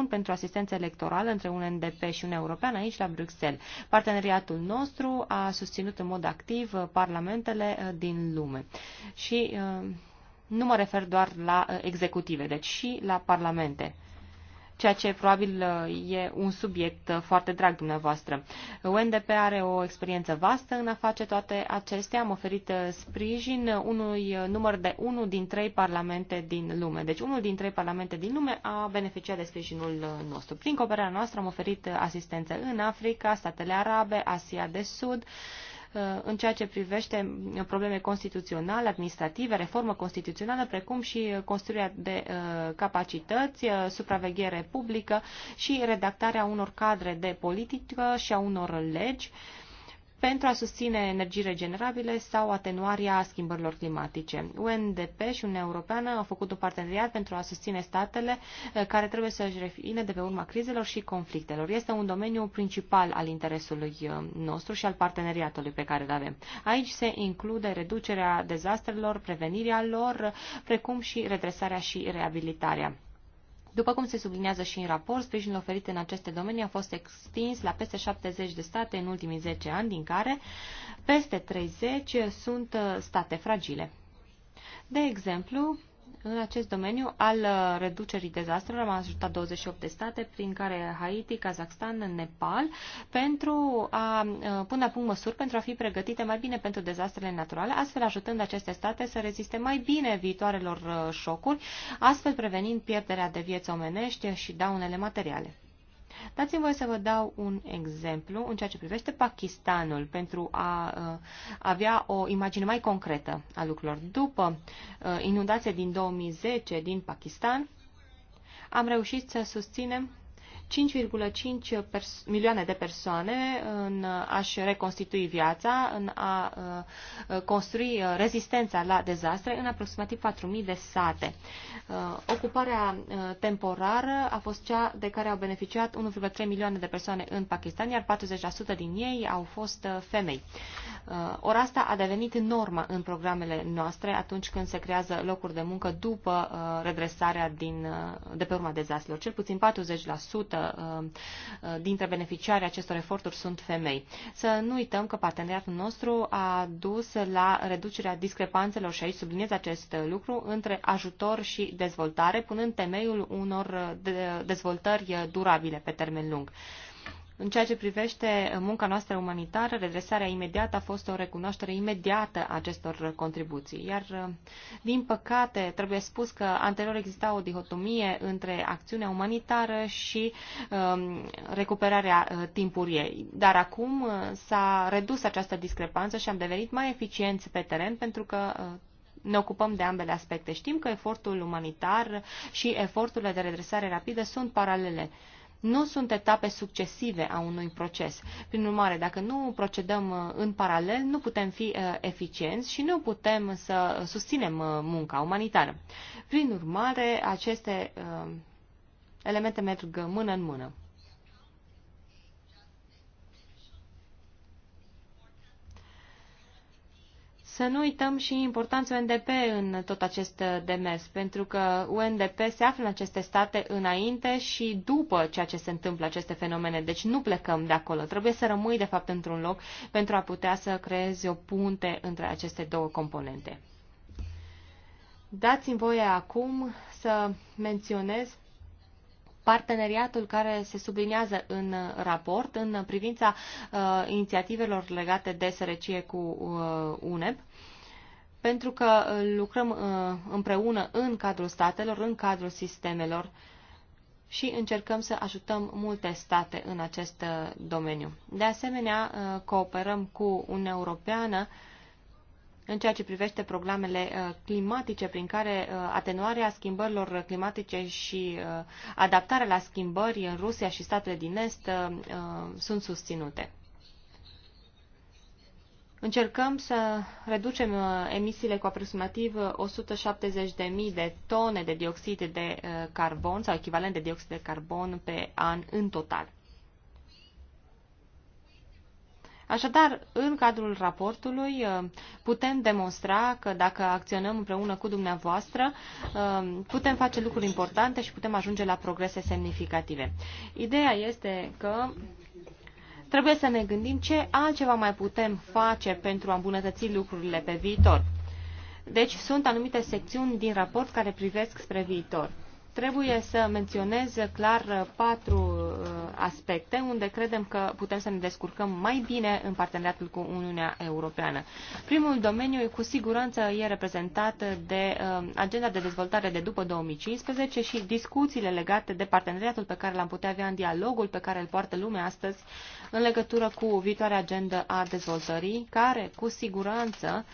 un pentru asistență electorală între un NDP și un european aici la Bruxelles. Parteneriatul nostru a susținut în mod activ uh, parlamentele uh, din lume. Și uh, nu mă refer doar la executive, deci și la parlamente ceea ce probabil e un subiect uh, foarte drag dumneavoastră. UNDP are o experiență vastă în a face toate acestea. Am oferit uh, sprijin unui uh, număr de unul din trei parlamente din lume. Deci unul din trei parlamente din lume a beneficiat de sprijinul nostru. Prin cooperarea noastră am oferit asistență în Africa, statele arabe, Asia de Sud, Uh, în ceea ce privește uh, probleme constituționale, administrative, reformă constituțională, precum și uh, construirea de capacități, supraveghere publică și redactarea unor cadre de politică și a unor legi pentru a susține energii regenerabile sau atenuarea schimbărilor climatice. UNDP și Uniunea Europeană au făcut un parteneriat pentru a susține statele eh, care trebuie să-și refine de pe urma crizelor și conflictelor. Este un domeniu principal al interesului eh, nostru și al parteneriatului pe care îl avem. Aici se include reducerea dezastrelor, prevenirea lor, eh, precum și redresarea și reabilitarea. După cum se subliniază și în raport, sprijinul oferit în aceste domenii a fost extins la peste 70 de state în ultimii 10 ani, din care peste 30 sunt uh, state fragile. De exemplu, în acest domeniu al uh, reducerii dezastrelor am ajutat 28 de state, prin care Haiti, Kazakhstan, Nepal, pentru a uh, pune la punct măsuri pentru a fi pregătite mai bine pentru dezastrele naturale, astfel ajutând aceste state să reziste mai bine viitoarelor uh, șocuri, astfel prevenind pierderea de vieți omenești și daunele materiale. Dați-mi voi să vă dau un exemplu în ceea ce privește Pakistanul, pentru a uh, avea o imagine mai concretă a lucrurilor. După uh, inundația din 2010 din Pakistan, am reușit să susținem 5,5 milioane de persoane în a-și reconstitui viața, în a uh, construi uh, rezistența la dezastre în aproximativ 4.000 de sate. Uh, ocuparea temporară a fost cea de care au beneficiat 1,3 milioane de persoane în Pakistan, iar 40% din ei au fost femei. Ora asta a devenit normă în programele noastre atunci când se creează locuri de muncă după redresarea din, de pe urma dezastrelor. Cel puțin 40% Uh, uh, dintre beneficiarii acestor eforturi sunt femei. Să nu uităm că parteneriatul nostru a dus la reducerea discrepanțelor și aici subliniez acest lucru între ajutor și dezvoltare, punând temeiul unor uh, dezvoltări durabile pe termen lung. În ceea ce privește munca noastră umanitară, redresarea imediată a fost o recunoaștere imediată a acestor contribuții. Iar, uh, din păcate, trebuie spus că anterior exista o dihotomie între acțiunea umanitară și um, recuperarea uh, timpurie. Dar acum uh, s-a redus această discrepanță și am devenit mai eficienți pe teren pentru că ne ocupăm de ambele aspecte. Știm că efortul umanitar și eforturile de redresare rapidă sunt paralele nu sunt etape succesive a unui proces. Prin urmare, dacă nu procedăm uh, în paralel, nu putem fi uh, eficienți și nu putem să susținem uh, munca umanitară. Prin urmare, aceste elemente merg mână în mână. Să nu uităm și importanța UNDP în tot acest demers, pentru că UNDP se află în aceste state înainte și după ceea ce se întâmplă aceste fenomene. Deci nu plecăm de acolo. Trebuie să rămâi, de fapt, într-un loc pentru a putea să creezi o punte între aceste două componente. Dați-mi voie acum să menționez parteneriatul care se subliniază în uh, raport în privința uh, inițiativelor legate de sărăcie cu uh, UNEP pentru că uh, lucrăm uh, împreună în cadrul statelor, în cadrul sistemelor și încercăm să ajutăm multe state în acest uh, domeniu. De asemenea, cooperăm cu Uniunea Europeană uh, în ceea ce privește programele uh, climatice, prin care uh, atenuarea schimbărilor climatice și uh, adaptarea la schimbări în Rusia și statele din Est sunt susținute. Încercăm să reducem emisiile cu aproximativ 170.000 de tone de dioxid de carbon sau echivalent de dioxid de carbon pe an în total. Așadar, în cadrul raportului uh, putem demonstra că dacă acționăm împreună cu dumneavoastră, uh, putem face lucruri importante și putem ajunge la progrese semnificative. Ideea este că trebuie să ne gândim ce altceva mai putem face pentru a îmbunătăți lucrurile pe viitor. Deci sunt anumite secțiuni din raport care privesc spre viitor. Trebuie să menționez clar uh, patru uh, aspecte unde credem că putem să ne descurcăm mai bine în parteneriatul cu Uniunea Europeană. Primul domeniu cu siguranță e reprezentat de uh, agenda de dezvoltare de după 2015 și discuțiile legate de parteneriatul pe care l-am putea avea în dialogul pe care îl poartă lumea astăzi în legătură cu viitoarea agenda a dezvoltării, care cu siguranță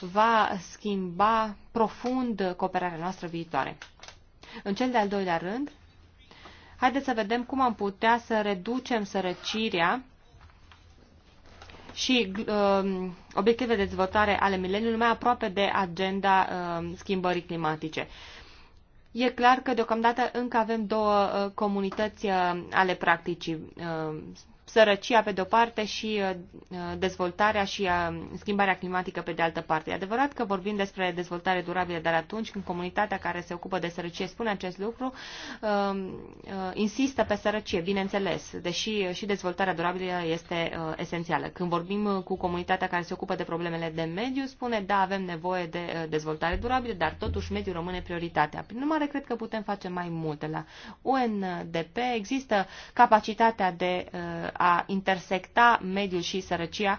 va schimba profund cooperarea noastră viitoare. În cel de-al doilea rând, haideți să vedem cum am putea să reducem sărăcirea și uh, obiective de dezvoltare ale mileniului mai aproape de agenda uh, schimbării climatice. E clar că deocamdată încă avem două uh, comunități uh, ale practicii. Uh, sărăcia pe de-o parte și uh, uh, dezvoltarea și uh, schimbarea climatică pe de altă parte. E adevărat că vorbim despre dezvoltare durabilă, dar atunci când comunitatea care se ocupă de sărăcie spune acest lucru, insistă pe sărăcie, bineînțeles, deși și dezvoltarea durabilă este esențială. Când vorbim cu comunitatea care se ocupă de problemele de mediu, spune, da, avem nevoie de dezvoltare durabilă, dar totuși mediul rămâne prioritatea. Prin urmare, cred că putem face mai multe. La UNDP există capacitatea de a intersecta mediul și sărăcia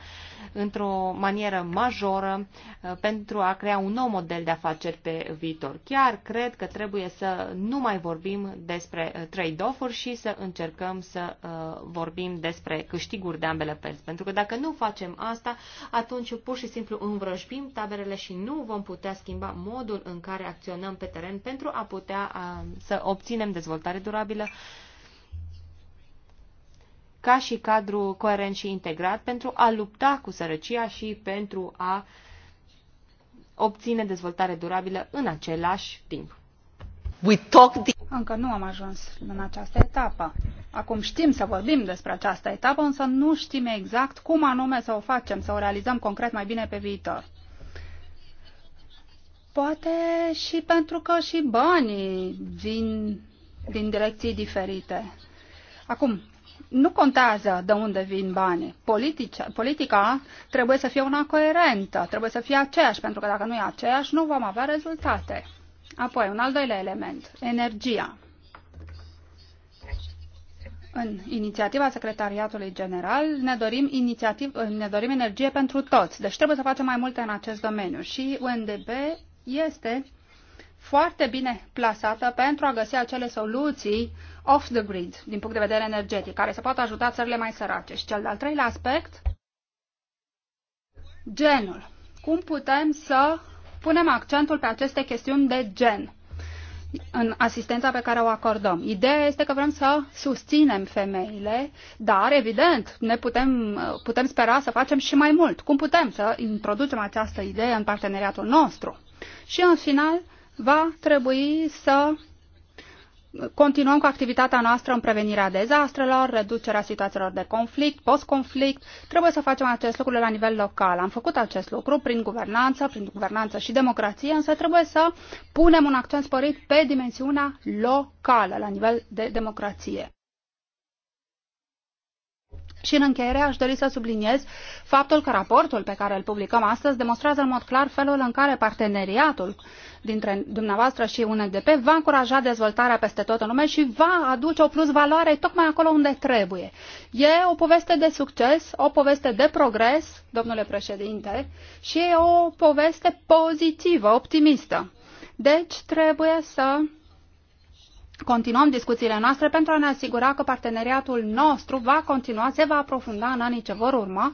într-o manieră majoră uh, pentru a crea un nou model de afaceri pe viitor. Chiar cred că trebuie să nu mai vorbim despre uh, trade-off-uri și să încercăm să uh, vorbim despre câștiguri de ambele părți. Pentru că dacă nu facem asta, atunci pur și simplu învrășbim taberele și nu vom putea schimba modul în care acționăm pe teren pentru a putea să obținem dezvoltare durabilă ca și cadru coerent și integrat pentru a lupta cu sărăcia și pentru a obține dezvoltare durabilă în același timp. We talk the... Încă nu am ajuns în această etapă. Acum știm să vorbim despre această etapă, însă nu știm exact cum anume să o facem, să o realizăm concret mai bine pe viitor. Poate și pentru că și banii vin din direcții diferite. Acum, nu contează de unde vin banii. Politica, politica trebuie să fie una coerentă, trebuie să fie aceeași, pentru că dacă nu e aceeași, nu vom avea rezultate. Apoi, un al doilea element, energia. În inițiativa Secretariatului General ne dorim, inițiativ, ne dorim energie pentru toți, deci trebuie să facem mai multe în acest domeniu și UNDB este foarte bine plasată pentru a găsi acele soluții off the grid, din punct de vedere energetic, care să poată ajuta țările mai sărace. Și cel de-al treilea aspect, genul. Cum putem să punem accentul pe aceste chestiuni de gen în asistența pe care o acordăm. Ideea este că vrem să susținem femeile, dar, evident, ne putem, putem spera să facem și mai mult. Cum putem să introducem această idee în parteneriatul nostru? Și, în final, va trebui să continuăm cu activitatea noastră în prevenirea dezastrelor, reducerea situațiilor de conflict, post-conflict. Trebuie să facem acest lucru la nivel local. Am făcut acest lucru prin guvernanță, prin guvernanță și democrație, însă trebuie să punem un accent sporit pe dimensiunea locală, la nivel de democrație. Și în încheiere aș dori să subliniez faptul că raportul pe care îl publicăm astăzi demonstrează în mod clar felul în care parteneriatul dintre dumneavoastră și UNDP va încuraja dezvoltarea peste tot în lume și va aduce o plus valoare tocmai acolo unde trebuie. E o poveste de succes, o poveste de progres, domnule președinte, și e o poveste pozitivă, optimistă. Deci trebuie să Continuăm discuțiile noastre pentru a ne asigura că parteneriatul nostru va continua, se va aprofunda în anii ce vor urma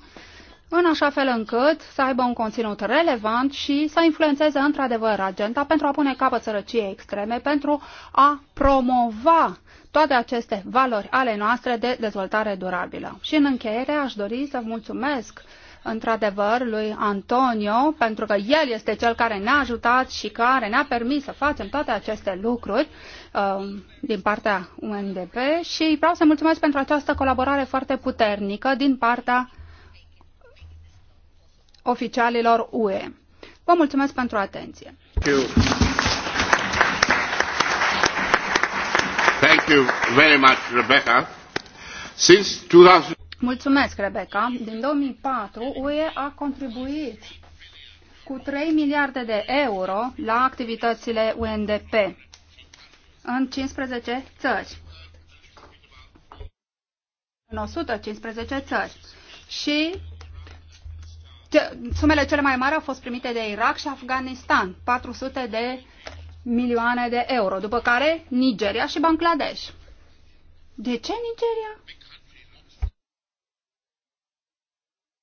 în așa fel încât să aibă un conținut relevant și să influențeze într-adevăr agenda pentru a pune capăt sărăciei extreme, pentru a promova toate aceste valori ale noastre de dezvoltare durabilă. Și în încheiere aș dori să mulțumesc într-adevăr lui Antonio, pentru că el este cel care ne-a ajutat și care ne-a permis să facem toate aceste lucruri uh, din partea UNDP și vreau să mulțumesc pentru această colaborare foarte puternică din partea oficialilor UE. Vă mulțumesc pentru atenție. Thank you. Thank you very much, Rebecca. Since 2000... Mulțumesc, Rebecca. Din 2004, UE a contribuit cu 3 miliarde de euro la activitățile UNDP în 15 țări. În 115 țări. Și Sumele cele mai mari au fost primite de Irak și Afganistan, 400 de milioane de euro, după care Nigeria și Bangladesh. De ce Nigeria?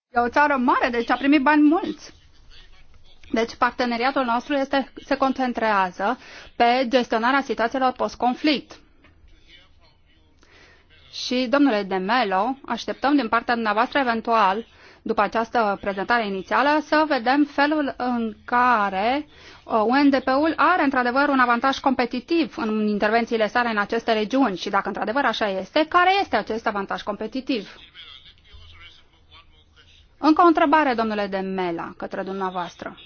E o țară mare, deci a primit bani mulți. Deci parteneriatul nostru este, se concentrează pe gestionarea situațiilor post-conflict. Și, domnule de Melo, așteptăm din partea dumneavoastră eventual după această prezentare inițială, să vedem felul în care UNDP-ul uh, are într-adevăr un avantaj competitiv în intervențiile sale în aceste regiuni și dacă într-adevăr așa este, care este acest avantaj competitiv? Încă o întrebare, domnule de Mela, către dumneavoastră.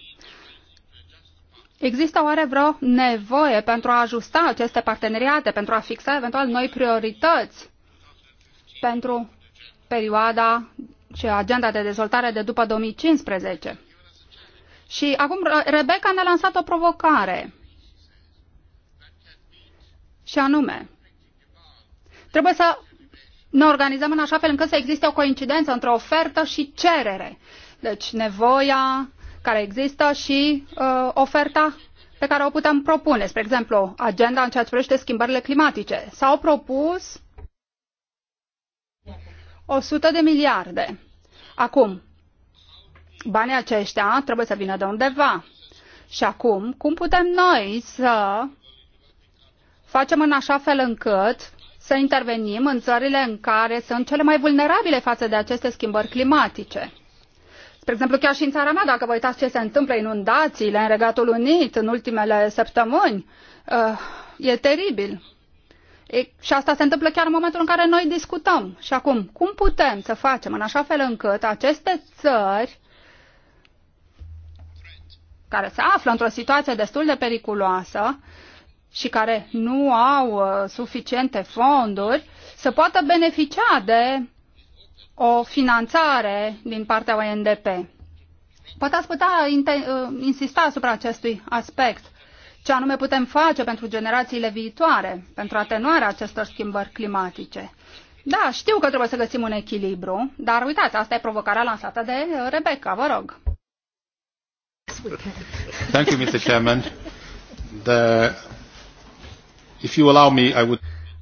Există oare vreo nevoie pentru a ajusta aceste parteneriate, pentru a fixa eventual noi priorități pentru perioada și agenda de dezvoltare de după 2015. Și acum Rebecca ne-a lansat o provocare. Și anume, trebuie să ne organizăm în așa fel încât să existe o coincidență între ofertă și cerere. Deci nevoia care există și uh, oferta pe care o putem propune. Spre exemplu, agenda în ceea ce privește schimbările climatice. S-au propus 100 de miliarde Acum, banii aceștia trebuie să vină de undeva. Și acum, cum putem noi să facem în așa fel încât să intervenim în țările în care sunt cele mai vulnerabile față de aceste schimbări climatice? Spre exemplu, chiar și în țara mea, dacă vă uitați ce se întâmplă, inundațiile în Regatul Unit în ultimele săptămâni, uh, e teribil. E, și asta se întâmplă chiar în momentul în care noi discutăm. Și acum, cum putem să facem în așa fel încât aceste țări care se află într-o situație destul de periculoasă și care nu au uh, suficiente fonduri, să poată beneficia de o finanțare din partea UNDP. Poate ați putea uh, insista asupra acestui aspect ce anume putem face pentru generațiile viitoare, pentru atenuarea acestor schimbări climatice. Da, știu că trebuie să găsim un echilibru, dar uitați, asta e provocarea lansată de Rebecca, vă rog. Thank you, Mr. Chairman. The... If you allow me, I would...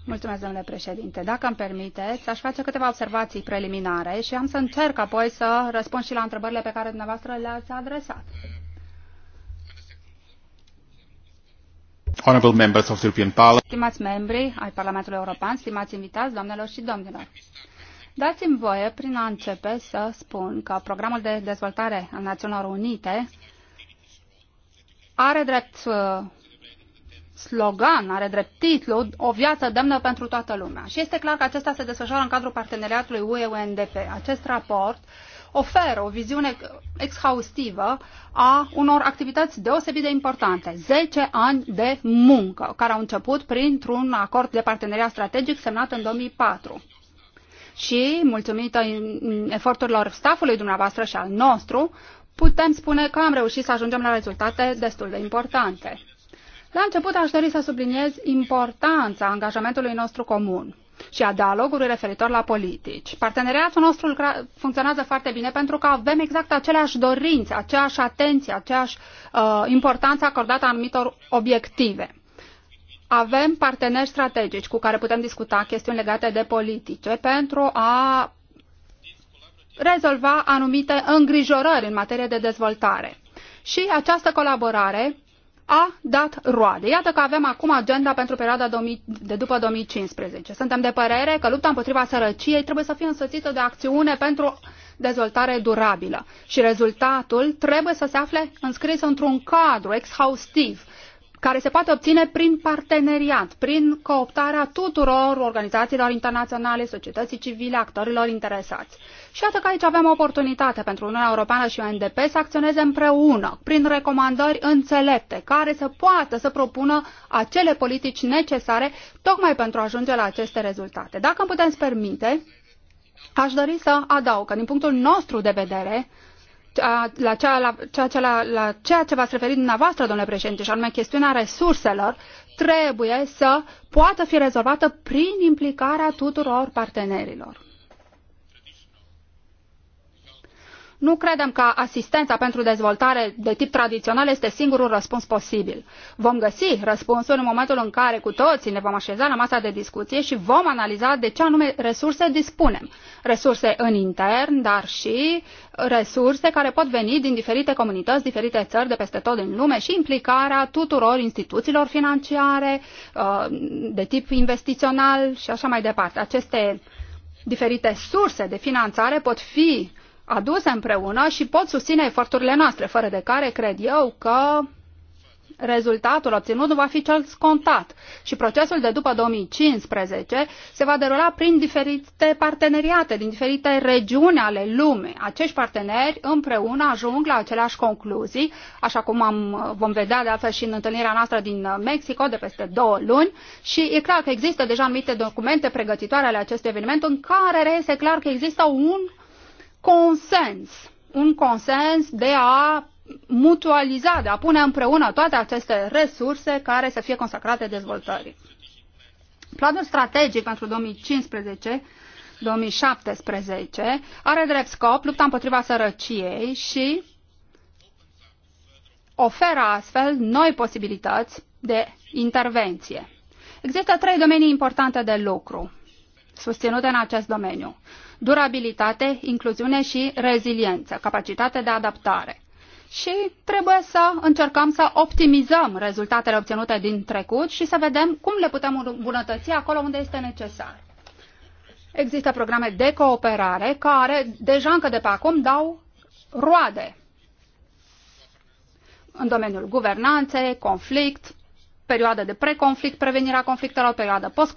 Mulțumesc, domnule președinte. Dacă îmi permiteți, aș face câteva observații preliminare și am să încerc apoi să răspund și la întrebările pe care dumneavoastră le-ați adresat. Honorable members of the European Parliament. Stimați membri ai Parlamentului European, stimați invitați, doamnelor și domnilor. Dați-mi voie prin a începe să spun că programul de dezvoltare al Națiunilor Unite are drept uh, slogan, are drept titlu O viață demnă pentru toată lumea. Și este clar că acesta se desfășoară în cadrul parteneriatului UE-UNDP. Acest raport uh, oferă o viziune exhaustivă a unor activități deosebit de importante. 10 ani de muncă, care au început printr-un acord de parteneriat strategic semnat în 2004 și, mulțumită eforturilor stafului dumneavoastră și al nostru, putem spune că am reușit să ajungem la rezultate destul de importante. La început aș dori să subliniez importanța angajamentului nostru comun și a dialogului referitor la politici. Parteneriatul nostru funcționează foarte bine pentru că avem exact aceleași dorințe, aceeași atenție, aceeași uh, importanță acordată anumitor obiective. Avem parteneri strategici cu care putem discuta chestiuni legate de politice pentru a rezolva anumite îngrijorări în materie de dezvoltare. Și această colaborare a dat roade. Iată că avem acum agenda pentru perioada de după 2015. Suntem de părere că lupta împotriva sărăciei trebuie să fie însoțită de acțiune pentru dezvoltare durabilă și rezultatul trebuie să se afle înscris într-un cadru exhaustiv care se poate obține prin parteneriat, prin cooptarea tuturor organizațiilor internaționale, societății civile, actorilor interesați. Și atât că aici avem oportunitate pentru Uniunea Europeană și UNDP să acționeze împreună, prin recomandări înțelepte, care să poată să propună acele politici necesare tocmai pentru a ajunge la aceste rezultate. Dacă îmi putem permite, aș dori să adaug că din punctul nostru de vedere, la ceea, la, ceea ce, la, la ceea ce v-ați referit dumneavoastră, domnule președinte, și anume chestiunea resurselor, trebuie să poată fi rezolvată prin implicarea tuturor partenerilor. Nu credem că asistența pentru dezvoltare de tip tradițional este singurul răspuns posibil. Vom găsi răspunsul în momentul în care cu toții ne vom așeza la masa de discuție și vom analiza de ce anume resurse dispunem. Resurse în intern, dar și resurse care pot veni din diferite comunități, diferite țări de peste tot din lume și implicarea tuturor instituțiilor financiare, uh, de tip investițional și așa mai departe. Aceste diferite surse de finanțare pot fi aduse împreună și pot susține eforturile noastre, fără de care cred eu că rezultatul obținut nu va fi cel scontat și procesul de după 2015 se va derula prin diferite parteneriate din diferite regiuni ale lumii. Acești parteneri împreună ajung la aceleași concluzii, așa cum am, vom vedea de altfel și în întâlnirea noastră din Mexico de peste două luni și e clar că există deja anumite documente pregătitoare ale acestui eveniment în care reiese clar că există un consens, un consens de a mutualiza, de a pune împreună toate aceste resurse care să fie consacrate dezvoltării. Planul strategic pentru 2015 2017 are drept scop lupta împotriva sărăciei și oferă astfel noi posibilități de intervenție. Există trei domenii importante de lucru susținute în acest domeniu durabilitate, incluziune și reziliență, capacitate de adaptare. Și trebuie să încercăm să optimizăm rezultatele obținute din trecut și să vedem cum le putem îmbunătăți acolo unde este necesar. Există programe de cooperare care deja încă de pe acum dau roade în domeniul guvernanței, conflict, perioadă de preconflict, prevenirea conflictelor, perioadă post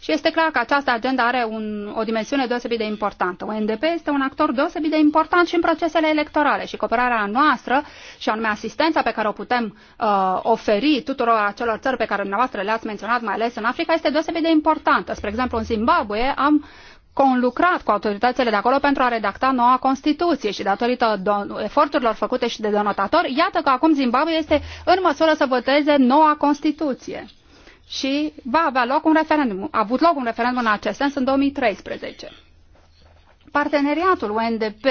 și este clar că această agenda are un, o dimensiune deosebit de importantă. UNDP este un actor deosebit de important și în procesele electorale și cooperarea noastră și anume asistența pe care o putem uh, oferi tuturor acelor țări pe care dumneavoastră le-ați menționat, mai ales în Africa, este deosebit de importantă. Spre exemplu, în Zimbabwe am conlucrat cu autoritățile de acolo pentru a redacta noua Constituție și datorită eforturilor făcute și de donatator, iată că acum Zimbabwe este în măsură să voteze noua Constituție. Și va avea loc un referendum. A avut loc un referendum în acest sens în 2013. Parteneriatul UNDP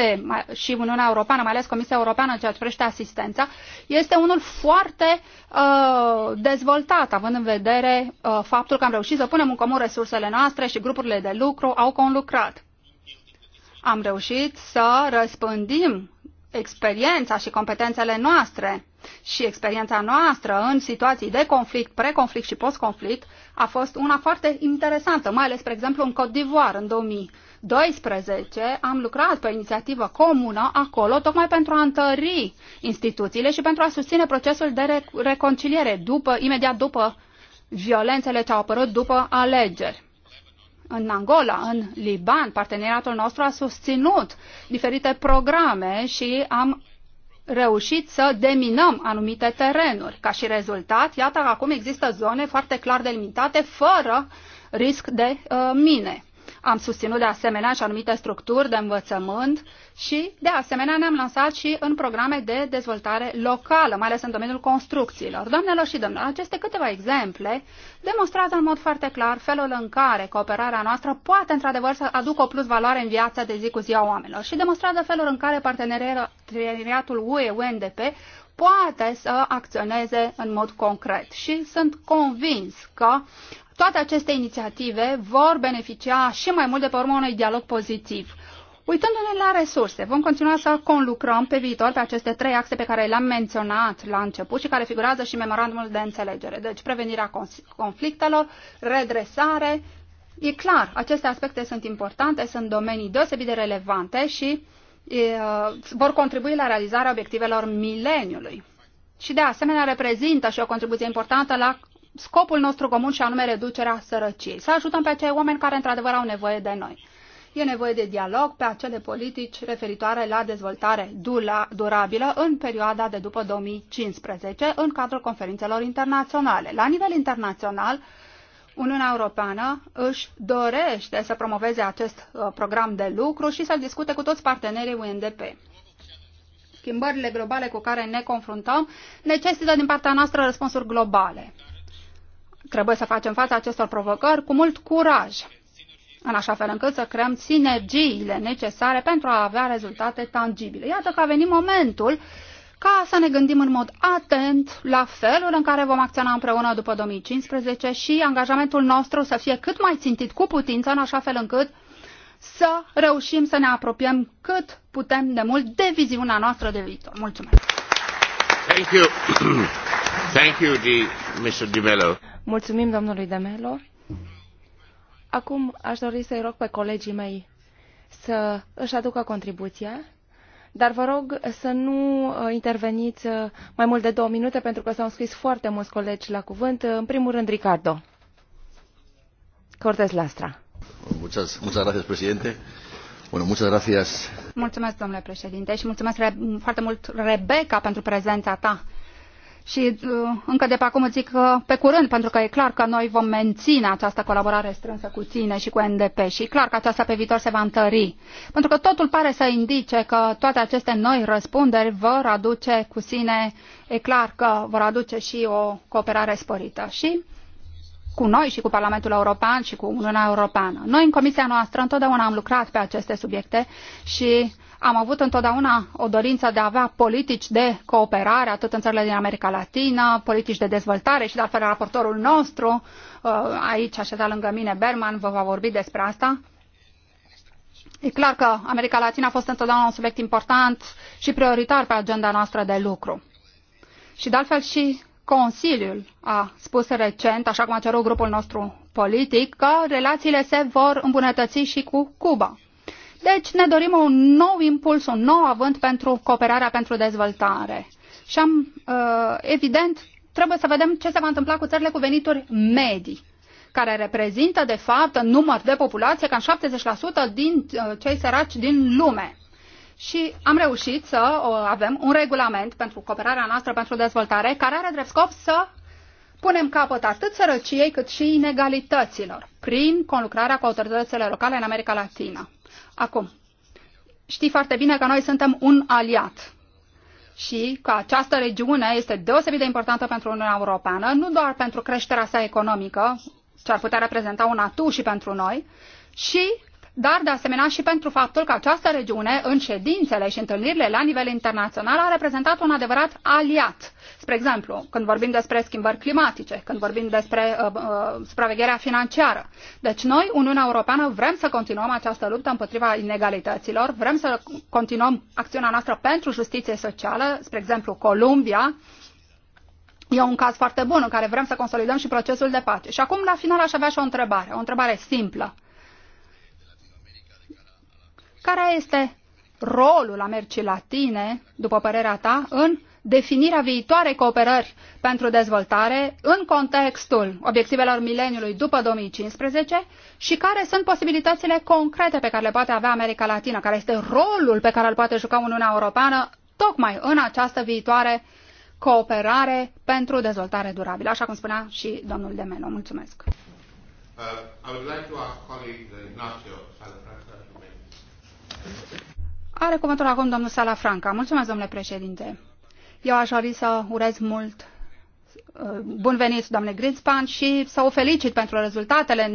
și Uniunea Europeană, mai ales Comisia Europeană în ceea ce privește asistența, este unul foarte uh, dezvoltat, având în vedere uh, faptul că am reușit să punem în comun resursele noastre și grupurile de lucru au conlucrat. Am reușit să răspândim experiența și competențele noastre și experiența noastră în situații de conflict, preconflict și postconflict a fost una foarte interesantă, mai ales, spre exemplu, în Côte d'Ivoire în 2012 am lucrat pe inițiativă comună acolo tocmai pentru a întări instituțiile și pentru a susține procesul de reconciliere după, imediat după violențele ce au apărut după alegeri în Angola, în Liban, parteneriatul nostru a susținut diferite programe și am reușit să deminăm anumite terenuri. Ca și rezultat, iată că acum există zone foarte clar delimitate fără risc de uh, mine. Am susținut de asemenea și anumite structuri de învățământ și, de asemenea, ne-am lansat și în programe de dezvoltare locală, mai ales în domeniul construcțiilor. Doamnelor și domnilor, aceste câteva exemple demonstrează în mod foarte clar felul în care cooperarea noastră poate, într-adevăr, să aducă o plus valoare în viața de zi cu zi a oamenilor și demonstrează felul în care parteneriatul UE-UNDP poate să acționeze în mod concret. Și sunt convins că toate aceste inițiative vor beneficia și mai mult de pe urmă unui dialog pozitiv. Uitându-ne la resurse, vom continua să conlucrăm pe viitor pe aceste trei axe pe care le-am menționat la început și care figurează și memorandumul de înțelegere. Deci prevenirea conflictelor, redresare. E clar, aceste aspecte sunt importante, sunt domenii deosebit de relevante și e, vor contribui la realizarea obiectivelor mileniului. Și de asemenea reprezintă și o contribuție importantă la scopul nostru comun și anume reducerea sărăciei. Să ajutăm pe acei oameni care într-adevăr au nevoie de noi. E nevoie de dialog pe acele politici referitoare la dezvoltare durabilă în perioada de după 2015 în cadrul conferințelor internaționale. La nivel internațional, Uniunea Europeană își dorește să promoveze acest uh, program de lucru și să-l discute cu toți partenerii UNDP. Schimbările globale cu care ne confruntăm necesită din partea noastră răspunsuri globale. Trebuie să facem față acestor provocări cu mult curaj, în așa fel încât să creăm sinergiile necesare pentru a avea rezultate tangibile. Iată că a venit momentul ca să ne gândim în mod atent la felul în care vom acționa împreună după 2015 și angajamentul nostru să fie cât mai țintit cu putință, în așa fel încât să reușim să ne apropiem cât putem de mult de viziunea noastră de viitor. Mulțumesc! Thank you. Thank you, Mr. Di Mello. Mulțumim domnului de Demelo. Acum aș dori să-i rog pe colegii mei să își aducă contribuția, dar vă rog să nu uh, interveniți uh, mai mult de două minute, pentru că s-au scris foarte mulți colegi la cuvânt. În primul rând, Ricardo. Cortez Lastra. Muchas, muchas gracias, presidente. Bueno, muchas gracias. Mulțumesc, domnule președinte, și mulțumesc foarte mult, Rebecca, pentru prezența ta și uh, încă de pe acum zic că uh, pe curând, pentru că e clar că noi vom menține această colaborare strânsă cu tine și cu NDP și e clar că aceasta pe viitor se va întări. Pentru că totul pare să indice că toate aceste noi răspunderi vor aduce cu sine, e clar că vor aduce și o cooperare sporită. Și cu noi și cu Parlamentul European și cu Uniunea Europeană. Noi în comisia noastră întotdeauna am lucrat pe aceste subiecte și am avut întotdeauna o dorință de a avea politici de cooperare, atât în țările din America Latină, politici de dezvoltare și, de altfel, raportorul nostru, uh, aici, așezat lângă mine, Berman, vă va vorbi despre asta. E clar că America Latina a fost întotdeauna un subiect important și prioritar pe agenda noastră de lucru. Și, de altfel, și Consiliul a spus recent, așa cum a cerut grupul nostru politic, că relațiile se vor îmbunătăți și cu Cuba. Deci ne dorim un nou impuls, un nou avânt pentru cooperarea pentru dezvoltare. Și am, uh, evident, trebuie să vedem ce se va întâmpla cu țările cu venituri medii care reprezintă, de fapt, în număr de populație, cam 70% din uh, cei săraci din lume. Și am reușit să uh, avem un regulament pentru cooperarea noastră pentru dezvoltare, care are drept scop să punem capăt atât sărăciei cât și inegalităților, prin conlucrarea cu autoritățile locale în America Latină. Acum, știi foarte bine că noi suntem un aliat și că această regiune este deosebit de importantă pentru Uniunea Europeană, nu doar pentru creșterea sa economică, ce ar putea reprezenta un atu și pentru noi, și dar de asemenea și pentru faptul că această regiune, în ședințele și întâlnirile la nivel internațional, a reprezentat un adevărat aliat. Spre exemplu, când vorbim despre schimbări climatice, când vorbim despre uh, uh, supravegherea financiară. Deci noi, Uniunea Europeană, vrem să continuăm această luptă împotriva inegalităților, vrem să continuăm acțiunea noastră pentru justiție socială, spre exemplu, Columbia, E un caz foarte bun în care vrem să consolidăm și procesul de pace. Și acum, la final, aș avea și o întrebare, o întrebare simplă. Care este rolul Americii Latine, după părerea ta, în definirea viitoarei cooperări pentru dezvoltare în contextul obiectivelor mileniului după 2015 și care sunt posibilitățile concrete pe care le poate avea America Latină, care este rolul pe care îl poate juca Uniunea Europeană tocmai în această viitoare cooperare pentru dezvoltare durabilă, așa cum spunea și domnul Demelo. Mulțumesc! Uh, I would like to ask colleague uh, Ignacio are cuvântul acum domnul Sala Franca. Mulțumesc, domnule președinte. Eu aș dori să urez mult uh, bun venit, doamne Grinspan, și să o felicit pentru rezultatele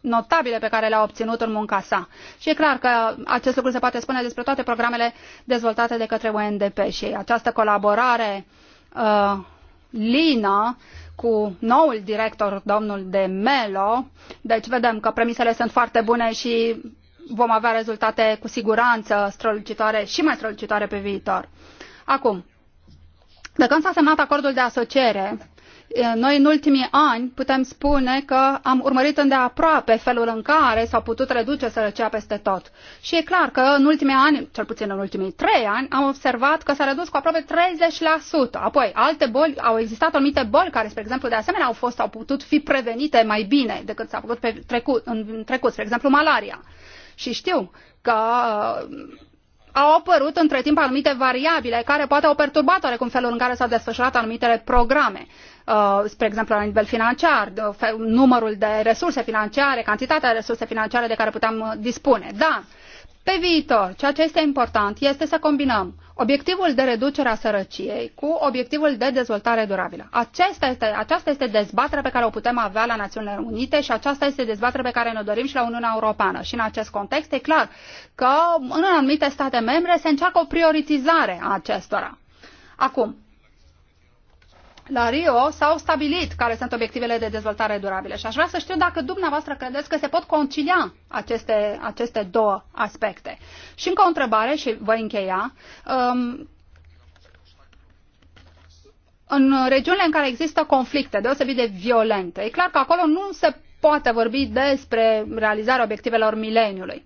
notabile pe care le-a obținut în munca sa. Și e clar că acest lucru se poate spune despre toate programele dezvoltate de către UNDP și această colaborare uh, lină cu noul director, domnul de Melo. Deci vedem că premisele sunt foarte bune și vom avea rezultate cu siguranță strălucitoare și mai strălucitoare pe viitor. Acum, de când s-a semnat acordul de asociere, Eh, noi în ultimii ani putem spune că am urmărit îndeaproape felul în care s-a putut reduce sărăcia peste tot. Și e clar că în ultimii ani, cel puțin în ultimii trei ani, am observat că s-a redus cu aproape 30%. Apoi, alte boli, au existat anumite boli care, spre exemplu, de asemenea au fost, au putut fi prevenite mai bine decât s-a făcut pe trecut, în trecut, spre exemplu, malaria. Și știu că uh, au apărut între timp anumite variabile care poate au perturbat oarecum felul în care s-au desfășurat anumite programe. Uh, spre exemplu, la nivel financiar, numărul de resurse financiare, cantitatea de resurse financiare de care putem uh, dispune. Da, pe viitor, ceea ce este important este să combinăm obiectivul de reducere a sărăciei cu obiectivul de dezvoltare durabilă. Aceasta este, aceasta este dezbaterea pe care o putem avea la Națiunile Unite și aceasta este dezbaterea pe care ne dorim și la Uniunea Europeană. Și în acest context e clar că în anumite state membre se încearcă o prioritizare a acestora. Acum, la Rio s-au stabilit care sunt obiectivele de dezvoltare durabile? și aș vrea să știu dacă dumneavoastră credeți că se pot concilia aceste, aceste două aspecte. Și încă o întrebare și voi încheia. Um, în regiunile în care există conflicte deosebit de violente, e clar că acolo nu se poate vorbi despre realizarea obiectivelor mileniului.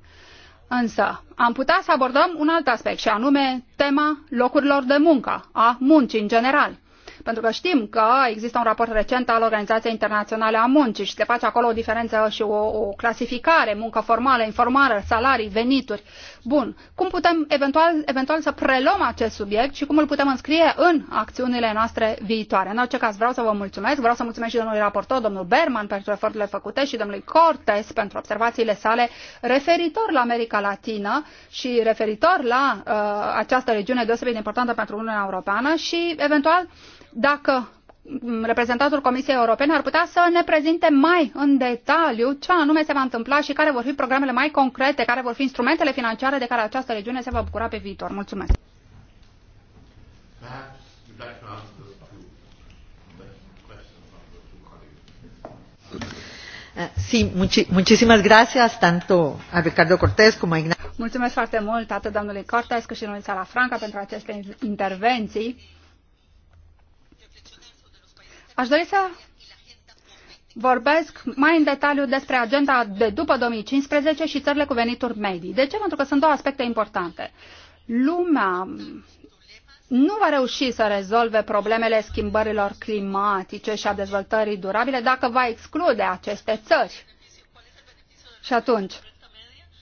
Însă, am putea să abordăm un alt aspect și anume tema locurilor de muncă, a muncii în general pentru că știm că există un raport recent al Organizației Internaționale a Muncii și se face acolo o diferență și o, o clasificare, muncă formală, informală, salarii, venituri. Bun, cum putem eventual, eventual să preluăm acest subiect și cum îl putem înscrie în acțiunile noastre viitoare? În orice caz, vreau să vă mulțumesc, vreau să mulțumesc și domnului raportor, domnul Berman, pentru eforturile făcute și domnului Cortes pentru observațiile sale referitor la America Latină și referitor la uh, această regiune deosebit de importantă pentru Uniunea Europeană și, eventual, dacă reprezentantul Comisiei Europene ar putea să ne prezinte mai în detaliu ce anume se va întâmpla și care vor fi programele mai concrete, care vor fi instrumentele financiare de care această regiune se va bucura pe viitor. Mulțumesc! Sí, muchísimas gracias tanto a Ricardo Cortés como a Ignacio. Mulțumesc foarte mult atât domnului Cortés cât și domnului Salafranca pentru aceste intervenții Aș dori să vorbesc mai în detaliu despre agenda de după 2015 și țările cu venituri medii. De ce? Pentru că sunt două aspecte importante. Lumea nu va reuși să rezolve problemele schimbărilor climatice și a dezvoltării durabile dacă va exclude aceste țări. Și atunci,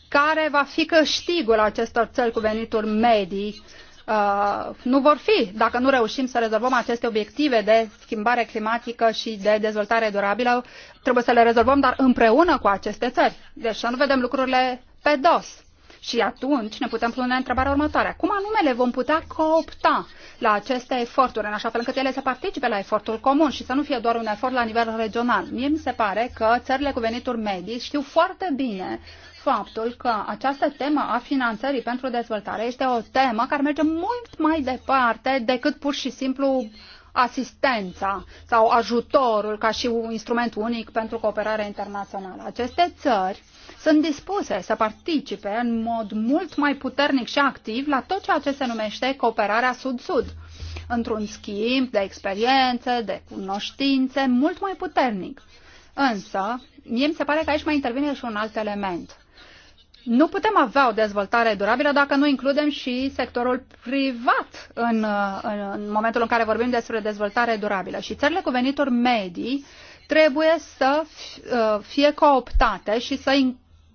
care va fi câștigul acestor țări cu venituri medii Uh, nu vor fi dacă nu reușim să rezolvăm aceste obiective de schimbare climatică și de dezvoltare durabilă. Trebuie să le rezolvăm, dar împreună cu aceste țări. Deci să nu vedem lucrurile pe dos. Și atunci ne putem pune întrebarea următoare. Cum anume le vom putea coopta la aceste eforturi, în așa fel încât ele să participe la efortul comun și să nu fie doar un efort la nivel regional? Mie mi se pare că țările cu venituri medii știu foarte bine faptul că această temă a finanțării pentru dezvoltare este o temă care merge mult mai departe decât pur și simplu asistența sau ajutorul ca și un instrument unic pentru cooperare internațională. Aceste țări sunt dispuse să participe în mod mult mai puternic și activ la tot ceea ce se numește cooperarea sud-sud, într-un schimb de experiențe, de cunoștințe mult mai puternic. Însă, mie mi se pare că aici mai intervine și un alt element. Nu putem avea o dezvoltare durabilă dacă nu includem și sectorul privat în, în, în momentul în care vorbim despre dezvoltare durabilă. Și țările cu venituri medii trebuie să fie cooptate și să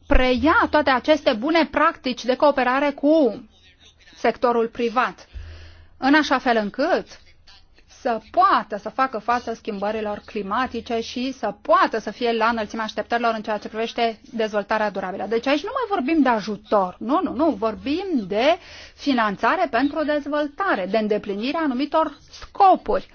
preia toate aceste bune practici de cooperare cu sectorul privat, în așa fel încât să poată să facă față schimbărilor climatice și să poată să fie la înălțimea așteptărilor în ceea ce privește dezvoltarea durabilă. Deci aici nu mai vorbim de ajutor, nu, nu, nu, vorbim de finanțare pentru dezvoltare, de îndeplinirea anumitor scopuri